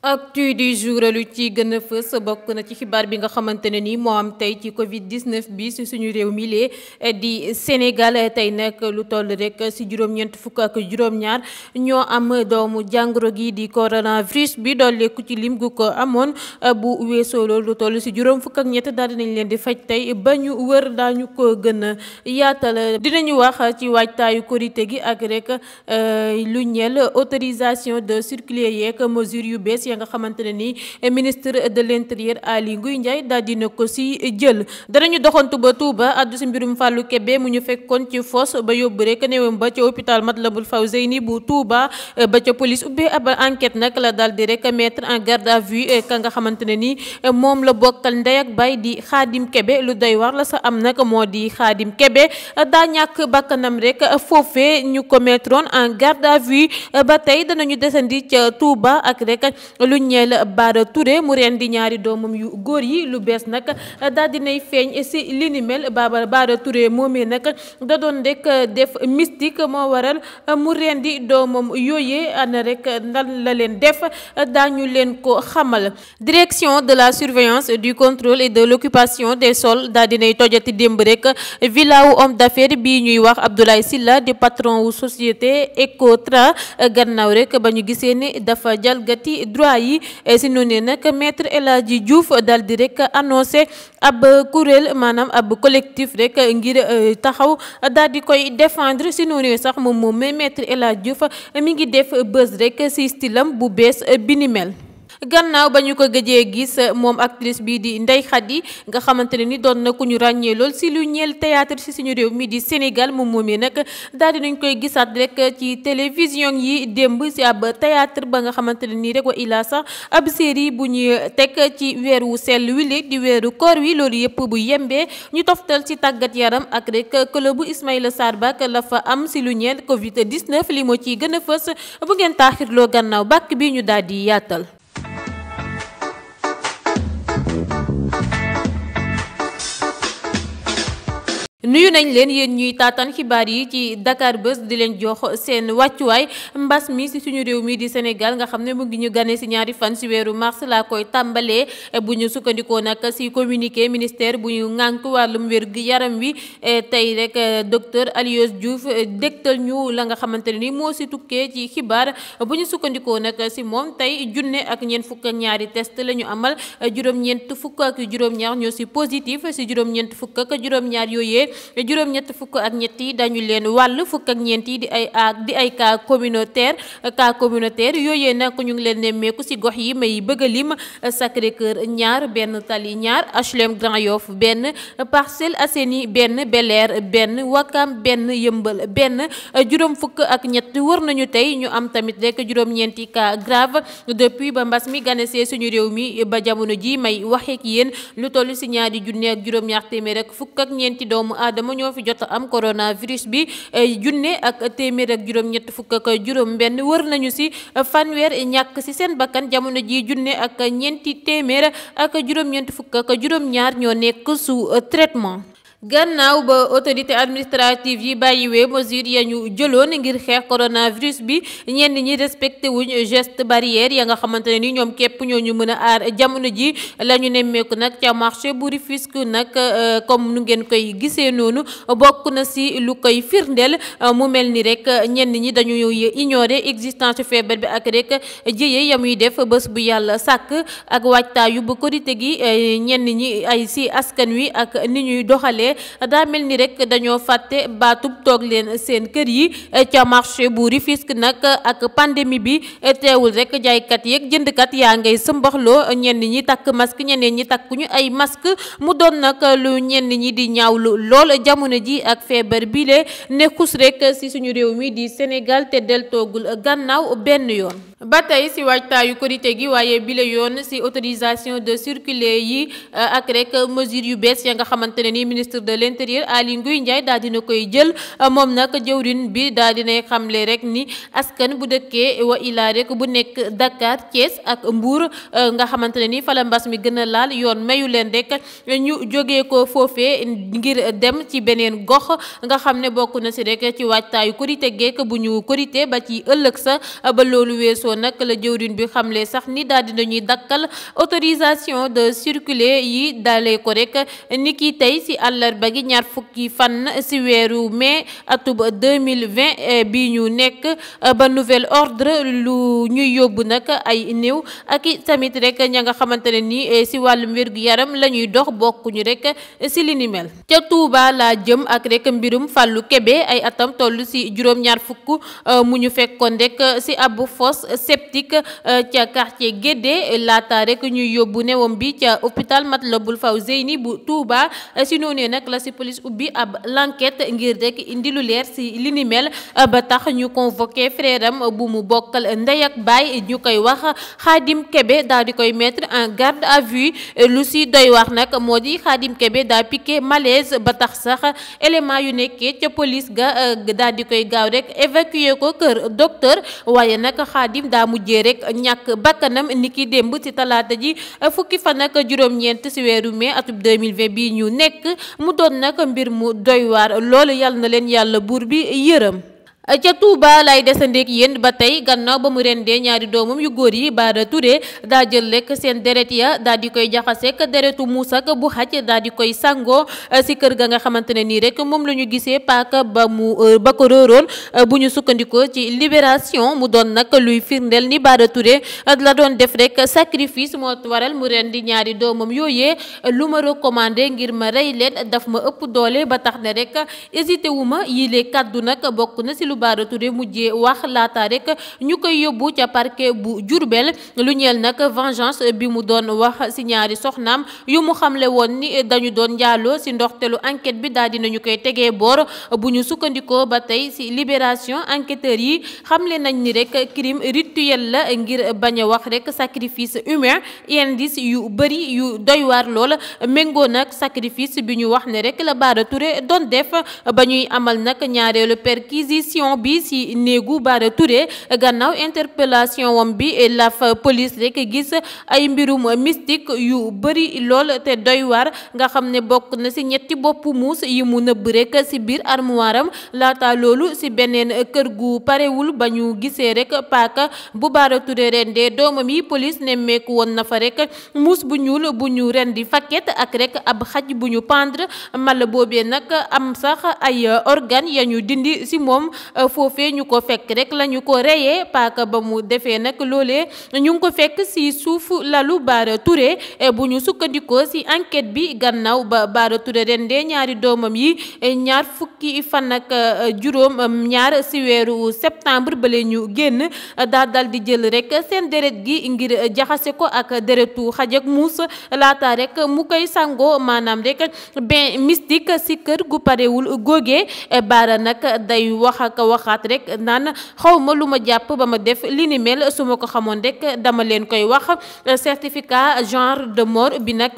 actu du jour lu ci gën a sa bokk na ci xibaar bi nga xamante ne ni moo am tey ci Covid 19 bi si suñu réew mi lee di Sénégal tey nekk lu toll rek si juróom-ñeent fukk ak juróom-ñaar ñoo am doomu jàngoro gi di coronavirus bi dooleeku ci lim gu ko amoon bu weesoo loolu lu toll si juróom fukk ak ñett daal dinañ leen di faj tey ba ñu wër daañu ko gën a yaatal dinañu wax ci waajtaayu korité gi ak rek euh, lu ñeel autorisation de circuler yeek mesure yu bees. dossier nga xamante ne nii eh, ministre de l'intérieur Aly Ngouille Ndiaye daal dina ko si jël danañu doxantu ba Touba addu si mbirum Fallou Kébé mu ñu fekkoon ci fos ba yóbbu rek néewam ba ca hôpital Matlaboul Fawzeyni bu Touba eh, ba ca police ubbee ab enquête nag la daal di rek mettre en garde à vue eh, ka nga xamante ne nii moom la bokkal ndey ak baay di Khadim Kébé lu doy war la sa am nag moo di Khadim Kébé daa ñàkk bakkanam rek foofee ñu ko mettroon en garde à vue lu ñeel Bara Touré mu reen di ñaari doomam yu góor yi lu bees nag daal dinay feeñ si li ni mel Baba Bara Touré moomee nag da doon rek def mystique moo waral mu reen doomam yooyee ana rek la leen def daañu leen ko xamal direction de la surveillance du contrôle et de l'occupation des sols daal dinay tojati démb rek villa wu homme d'affaires bii ñuy wax Abdoulaye Sylla di patron wu société Ecotra gannaaw rek ba ñu gisee ni dafa jalgati débat yi si noonu nag maître El Hadji dal di rek annoncé ab kuréel maanaam ab collectif rek ngir euh, taxaw daal di koy defendre si noonu sax moom moom mais maître El Hadji mi ngi def bës rek si stylam bu bees bi gannaaw ba ñu ko gëjee gis moom actrice bii di ndeyxat Khady nga xamante ne ni doon na ku ñu ràññee lool si lu ñel théâtre si suñu réew mi di Sénégal moom moomee nag daal di nañ koy gisaat rekk ci télévision yi démb si ab théâtre ba nga xamante ne nii rek wa illa sax ab série bu ñu teg ci weer wu sell wile di weeru koor wi loolu yëpp bu yembee ñu toftal ci tàggat yaram ak rek club Ismaïla Sarr Bakk la fa am si lu ñeel Covid 19 li moo ci gën a fës bu ngeen taaxirloo gannaaw bàkk bi ñu daal di yaatal. nuyu nañ leen yéen ñuy taataan xibaar yi ci Dakar bés di leen jox seen wàccuwaay mbas mi si suñu réew mi di Sénégal nga xam ne mu ngi si ñaari fan si weeru mars laa koy tàmbalee bu ñu sukkandikoo nag si communiqué ministère bu ñu ŋànk wàllum wér gu yaram wi e, tey rek e, docteur Alios Diouf e, dégtal ñu la nga xamante ne ni moo si tukkee ci xibaar bu ñu sukkandikoo nag si moom tey junne ak ñeent fukk ñaari test lañu amal juróom-ñeent fukk juróom-ñaar ñoo si positif si juróom-ñeent fukk juróom-ñaar yooyee juróom-ñett fukk ak ñett yi dañu leen wàll fukk ak ñeent yi di ay di ay cas communautaire cas communautaire yooyee nag ñu ngi leen nemmeeku ci gox yi may bëgg a lim Sacré-Cœur ñaar benn Tali ñaar HLM Grand Yoff benn Parcelles Assainies benn Bel benn Wakam benn Yëmbal benn juróom fukk ak ñett wër nañu tey ñu am tamit rek juróom-ñeenti cas grave depuis ba mbas mi ganesee suñu réew mi ba jamono ji may waxeek yéen lu toll ci ñaari junne ak juróom-ñaar téeméer aadama ñoo fi jot am coronavirus bi eh, junne ak téeméer ak juróom-ñett fukk ak juróom-benn wër nañu si fanweer ñàkk si seen bakkan jamono ji junne ak ñeenti téeméer ak juróom-ñeent fukk ak juróom-ñaar ñoo nekk su traitement. gannaaw ba autorité administrative yi bàyyiwee mesure ya ñu jëloon ngir xeex coronavirus bi ñenn ñi respecté wuñ geste barrière ya nga xamante ne ni ñoom képp ñoo ñu mën a aar jamono ji la ñu nemmeeku nag ca marché bu Rufisque nag euh, comme nu ngeen koy gisee noonu bokk na si lu koy firndeel mu mel ni rek ñenn ñi dañu ignorer existence feebar bi ak rek jëye ya muy def bés bu yàlla sàkk ak waajtaayu bu korite gi euh, ñenn ñi ay si askan wi ak ni ñuy doxale loolee daa mel ni rek dañoo fàtte baatub toog leen seen kër yi eh, ca marché bu Rufisque nag eh, ak pandémie bi eh, teewul rek jaaykat yeeg jëndkat yaa ngay sëmbaxloo ñenn ñi takk masque ñeneen ñi takkuñu ay masque mu doon nag lu ñenn ñi di ñaawlu lool jamono ji ak feebar bile nekkus rek ci suñu réew mi di Sénégal te deltoogul gannaaw benn yoon ba tey ci waajtaayu korité gi waaye bile yoon ci autorisation de circuler yi ak rek mesure yu bees ya nga xamante ministre de l'intérieur Aly Ngouille Ndiaye daal dina koy jël moom nag jëwrin bi daal dinay xamle rek ni askan bu dëkkee wa ilaa rek bu nekk Dakar Thiès ak Mbour euh, nga xamante ne ni fala mbas mi gën laal yoon mayu leen rek ñu jógee ko foofee ngir dem ci beneen gox nga xam ne bokk na si rek ci waajtaayu korite geek bu ñu korite ba ci ëllëg sa ba loolu weesoo nag la jëwrin bi xamle sax ni daal dinañuy dakkal autorisation de circuler yi dalee ko rek ni ki tey si àllarba gi ñaar fukki fan ci weeru mai atub 2020 eh, bi ñu nekk eh, ba nouvel ordre lu ñuy yóbbu nag ay néew ak i tamit rek ña nga xamante ne nii eh, ci wàllum wérgu yaram la ñuy dox bokkuñu rek ci li ca Touba laa jëm ak rek mbirum fàllu kebe ay atam toll ci juróom-ñaar fukk mu ñu fekkoon rek ci ab fosse septique ca quartier Guédé laata rek ñuy yóbbu newam bi ca hôpital Matlaboul Fawzeyni bu Touba ci noonee nag la si police ubbi ab l'enquête ngir rek indi lu leer si li ni mel euh, ba tax ñu convoqué frère am bu mu bokkal ndey ak baay ñu koy wax Khadim Kebe daal di koy mettre en garde à vue lu si doy wax nag moo di Khadim Kebe daa piqué malaise ba tax sax élément yu nekkee ca police ga euh, daal di koy gaaw rek évacuer ko kër docteur waaye nag Khadim daa mujjee rek ñàkk bakkanam ni ki démb ci talaata ji fukki fan ak juróom-ñeent si weeru mai atub bi ñu nekk mu doon nag mbir mu doy waar loolu yàlla na leen yàlla buur bi yërëm ca Touba lay desandeek yéen ba tey gannaaw ba mu rendee ñaari doomam yu góor yi baada Touré daa jël lekk seen deret ya daa di koy jaxaseek deretu muusak bu xaj daa di koy sangoo si kër ga nga xamante ne nii rek moom la ñu gisee paaka ba mu ba ko réeroon bu ñu sukkandikoo ci libération mu doon nag luy firndeel ni Bara Touré la doon def rek sacrifice moo waral mu rendi ñaari doomam yooyee lu ma recommandé ngir ma rey leen daf ma ëpp doole ba tax ne rek kàddu nag bokk na si lu Bara Touré mujjee wax laata rek ñu koy yóbbu ca parquet bu Diourbel lu ñeel nag vengeance bi mu doon wax si ñaari soxnaam yu mu xamle woon ni dañu doon njaaloo si ndoxtelu enquête bi daal dinañu koy tegee boor bu ñu sukkandikoo ba tey si libération enquêteurs yi xamle nañ ni rek crime rituel la ngir bañ wax rek sacrifice humain indice yu bëri yu doy lool méngoo nag sacrifice bi ñu wax ne rek la Bara doon def ba ñuy amal nag ñaareelu perquisition réunion bi ci néegu Bara Touré gannaaw interpellation wam bi la laf police rek gis ay mbirum mystique yu bëri lool te doy waar nga xam ne bokk na ci ñetti boppu muus yi mu nëbb rek ci biir armoire am laata loolu ci beneen kër gu parewul ba ñu gisee rek paaka bu Bara Touré rendee doomam yi police nemmeeku woon na fa rek muus bu ñuul bu ñu rendi fakket ak rek ab xaj bu ñu pendre mala boobee nag am sax ay organe ya ñu dindi ci moom Euh, foofee ñu ko fekk rek la ñu ko reyee paaka ba mu defee nag loolee ñu ngi ko fekk si suuf lalu Bara Touré euh, bu ñu sukkandikoo si enquête bi gannaaw ba baara Touré ren de ñaari doomam yi euh, ñaar fukki fan ak juróom ñaar si weeru ba bale ñu génn daal dal di jël rek seen deret gi ngir jaxase ko ak deretu xaj ak muus laata rek mu koy sangoo maanaam rek bain mystique si kër gu parewul góogee Bara nag day wax ak waxaat rek naan xaw ma lu ma jàpp ba ma def li ni mel su ma ko xamoon rek dama leen koy wax certificat genre de mort bi nag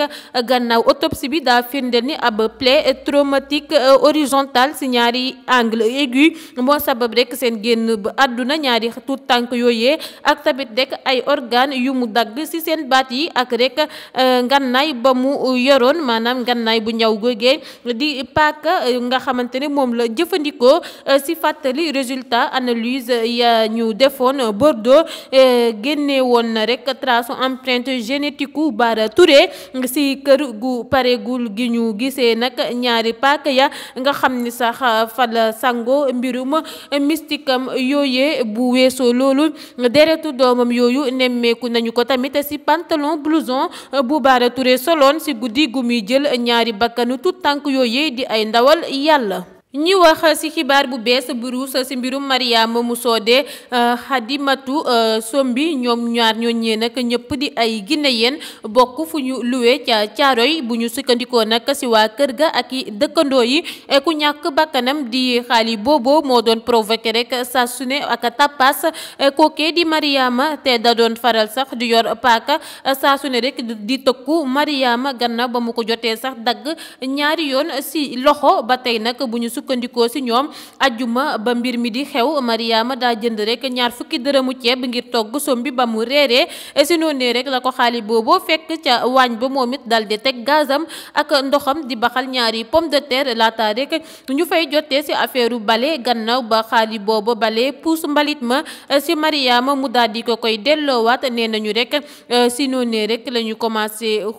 gannaaw autopsie bi daa firndeel ni ab plaie traumatique euh, horizontale si ñaari angle aigu moo sabab rek seen génn ba àdduna ñaari tuut tànk yooyee ak tamit rek ay organe yu mu dagg si seen baat yi ak rek euh, ngannaay ba mu yoroon maanaam ngannaay bu ñaw googee di paaka nga xamante ne moom la jëfandikoo euh, si fàtt fàttali résultat analyse ya ñu defoon Bordeaux eh, génne woon na rek trace empreinte génétique u Bara Touré si kër gu paregul gi ñu gisee nag ñaari paak ya nga xam ni sax fal sango mbirum mystikam yooyee bu weesoo loolu deretu doomam yooyu nemmeeku nañu ko tamit si pantalon blouson bu Bara Touré soloon si guddi gu muy jël ñaari bakkanu tut tànk yooyee di ay ndawal yàlla ñi wax ci xibaar bu bees bu ruus ci mbirum mu Mariama Musode euh, Xadimatu euh, Sombi ñoom ñaar ñoo ñee nag ñëpp di ay guinéen bokk fu ñu luwe ca Caaroy bu ñu sukkandikoo nag ci waa kër ga ak dëkkandoo yi e ku ñàkk bakkanam di xaali boobo moo doon provoqué rek saa su ne ak tappaas e kookee di Mariama te da doon faral sax di yor paaka saa su ne rek di tëkku Mariama gannaaw ba mu ko jotee sax dagg ñaari yoon ci loxo ba tey nag bu ñu sukkandikoo si ñoom ajjuma ba mbir mi di xew Mariama daa jënd rek ñaar fukki dërëmu ceeb ngir togg som bi ba mu réeree si noonee rek la ko xaali booboo fekk ca waañ ba moom it dal di teg gazam ak ndoxam di baxal ñaari pomme de terre laata rek ñu fay jotee si affaire bale gannaaw ba xaali boobu bale puus mbalit ma e si Mariama mu daal di ko koy delloowaat nee nañu rek e si noonee rek la ñu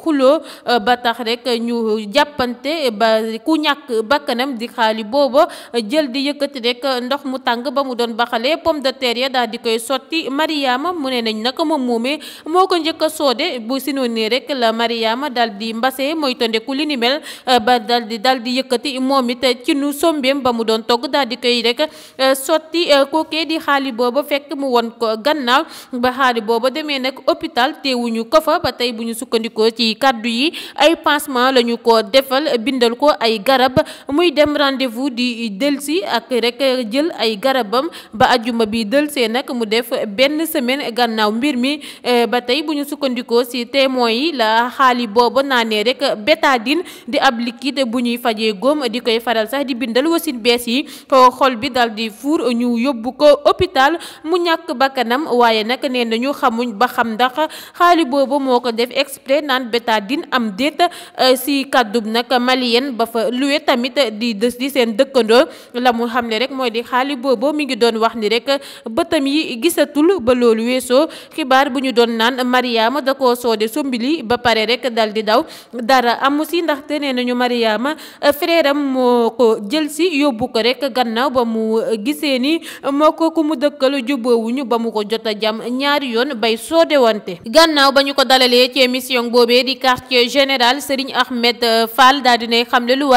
xuloo e ba tax rek ñu jàppante ba ku ñàkk bakkanam booba jël di yëkkati rek ndox mu tàng ba mu doon baxalee pomme de terre ya daal di koy sotti Mariama mu ne nañ naka moom moomee moo ko njëkk a soode bu sinoo nee rek la Mariama dal di mbase mooy tondeku li ni mel euh, ba dal di daal di yëkkati moom it ci nu sombeem ba mu doon togg daal di koy rek euh, sotti euh, kookee di xaali booba fekk mu won ko gannaaw ba xaali booba demee nag hôpital teewuñu ko fa ba tey bu ñu sukkandikoo ci kaddu yi ay pansement lañu ko defal bindal ko ay garab rendez-vous di delsi ak rek jël ay garabam ba ajjuma bi delsee nag mu def benn semaine gannaaw mbir mi eh, ba tey bu ñu sukkandikoo ci témoins yi la xaali booba naanee rek bétadine di ab liquide bu ñuy fajee góom di koy faral sax di bindal wasin bees yi xol bi dal di fuur ñu yóbbu ko hôpital mu ñàkk bakkanam waaye nag nee nañu xamuñ ba xam ndax xaali boobu moo ko def exprès naan bétadine am déet eh, si kàddub nag malien ba fa luwe tamit di des di seen seen dëkkandoo la xam ne rek mooy di xaali boobu mi ngi doon wax ni rek bëtam yi gisatul ba loolu weesoo xibaar bu ñu doon naan Mariama da koo soode sombili ba pare rek dal di daw dara amu si ndaxte nee nañu Mariama frère am moo ko jël si yóbbu ko rek gannaaw ba mu gisee ni moo ko ku mu dëkkal jubboowuñu ba mu ko jot a jam ñaari yoon bay soode wante gannaaw ba ñu ko dalalee ci émission boobee di quartier général Serigne Ahmed Fall daal di xamle lu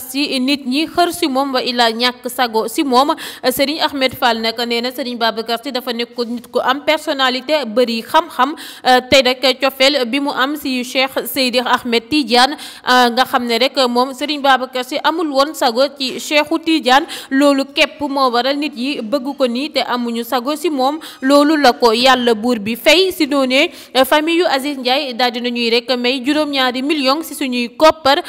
si nit ñi xër si moom wa illaa ñàkk sago si moom Serigne Ahmed Fall nag nee na Serigne Babacar Sy dafa nekk nit ko am personnalité bëri xam-xam euh, tey rek cofeel bi mu am si Cheikh Seydi Ahmed Tidiane euh, nga xam ne rek moom Serigne Babacar Sy amul woon sago ci Cheikhu Tidiane loolu képp moo waral nit yi bëgg ko nii te amuñu sago si moom loolu la ko yàlla buur bi fay si noonee famille yu Aziz Ndiaye daal dina ñuy may juróom-ñaari million si suñuy koppar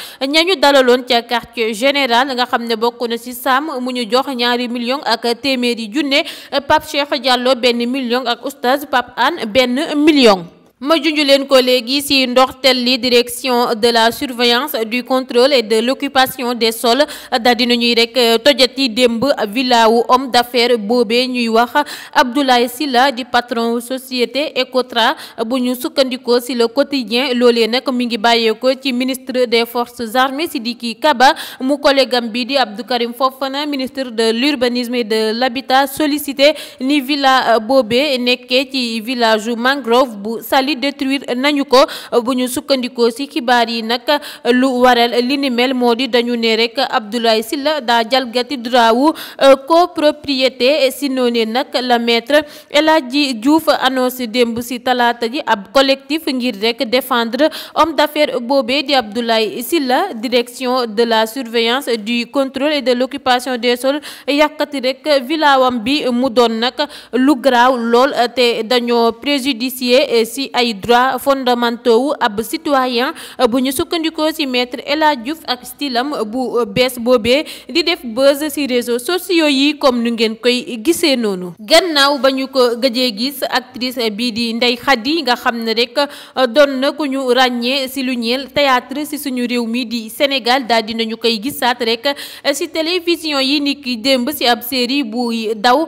général nga xam ne bokk na ci Sam mu ñu jox ñaari million ak téeméeri junne Pape a Diallo benn million ak oustaz Pape an benn million ma junj leen ko léegi ci ndoxtel li direction de la surveillance du contrôle et de l'occupation des sols daal dina ñuy rek euh, tojati démb villa wu homme d'affaires boobee ñuy wax Abdoulaye Sylla di patron société Ecotra bu ñu sukkandikoo ci le quotidien loole nag mi ngi bàyyeekoo ci ministre des forces armées Sidiki Kaba mu collègue am bi di Abdou Karim Fofana ministre de l'urbanisme et de l'habitat solicité ni villa euh, boobee nekkee ci village mangrove bu Saly li détruire nañu ko bu ñu sukkandikoo ci xibaar yi nak lu waral li moo di dañu ne rek Abdoulaye Sylla daa jalgati drowu euh, copropriété si noonee nag la maître El Hadji Diouf annoncé démb ci talaata ji ab collectif ngir rek défendre homme d'affaires boobee di Abdoulaye Sylla direction de la surveillance du contrôle et de l'occupation des sols yàkkati rek vilaawam bi mu doon nag lu garaaw lool te dañoo préjudicier ci ay droits fondamentaux wu ab citoyen euh, bu ñu sukkandikoo ci maître El Hadj Diouf ak stylam bu euh, bees boobee di def buzz ci réseaux sociaux yi comme nu ngeen koy gisee noonu. gannaaw ba ñu ko gëjee gis actrice bii di Ndeye Khady nga xam ne rek euh, doon na ku ñu ràññee ci lu ñeel théâtre suñu réew mi di Sénégal daal dinañu koy gisaat rek ci télévision yi ni ki démb ci ab série buy daw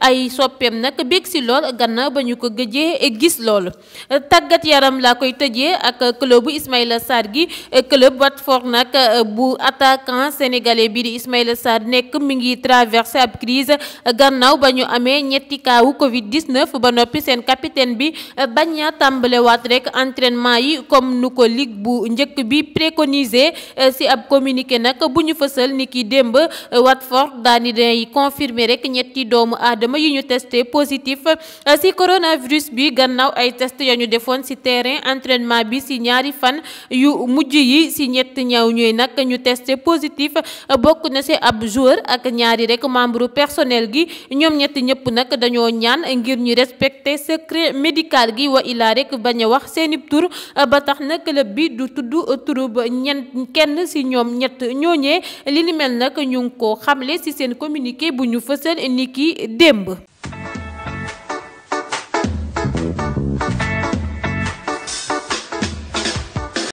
ay soppe soppeem nag bég si lool gannaaw ba ñu ko gëjee gis lool tàggat yaram laa koy tëjee ak club Ismaïla Sarr gi club Watford nag bu attaquant sénégalais bi di Ismaïla Sarr nekk mu ngi traversé ab crise gannaaw ba ñu amee ñetti kaawu Covid 19 ba noppi seen capitaine bi bañ a tàmbalewaat rek entraînement yi comme nu ko ligue bu njëkk bi préconisé si ab communiqué nag bu ñu fësal ni ki démb Watford daani day confirmé rek ñetti doomu aadama yi ñu test testé positif ci coronavirus bi gannaaw ay test ya ñu defoon ci terrain entrainement bi ci ñaari fan yu mujj yi ci ñett ñaw ñooy nag ñu testé positif bokk na ci ab jour ak ñaari rekk membre personnel gi ñoom ñett ñëpp nag dañoo ñaan ngir ñu respecter secret médical gi wa ilaa rekk bañ a wax seeni tur ba tax na club bi du tudd tur ba ñen kenn ci ñoom ñett ñooñee li ni mel nag ñu ngi ko xamle ci seen communiqué bu ñu fësal ni kii démb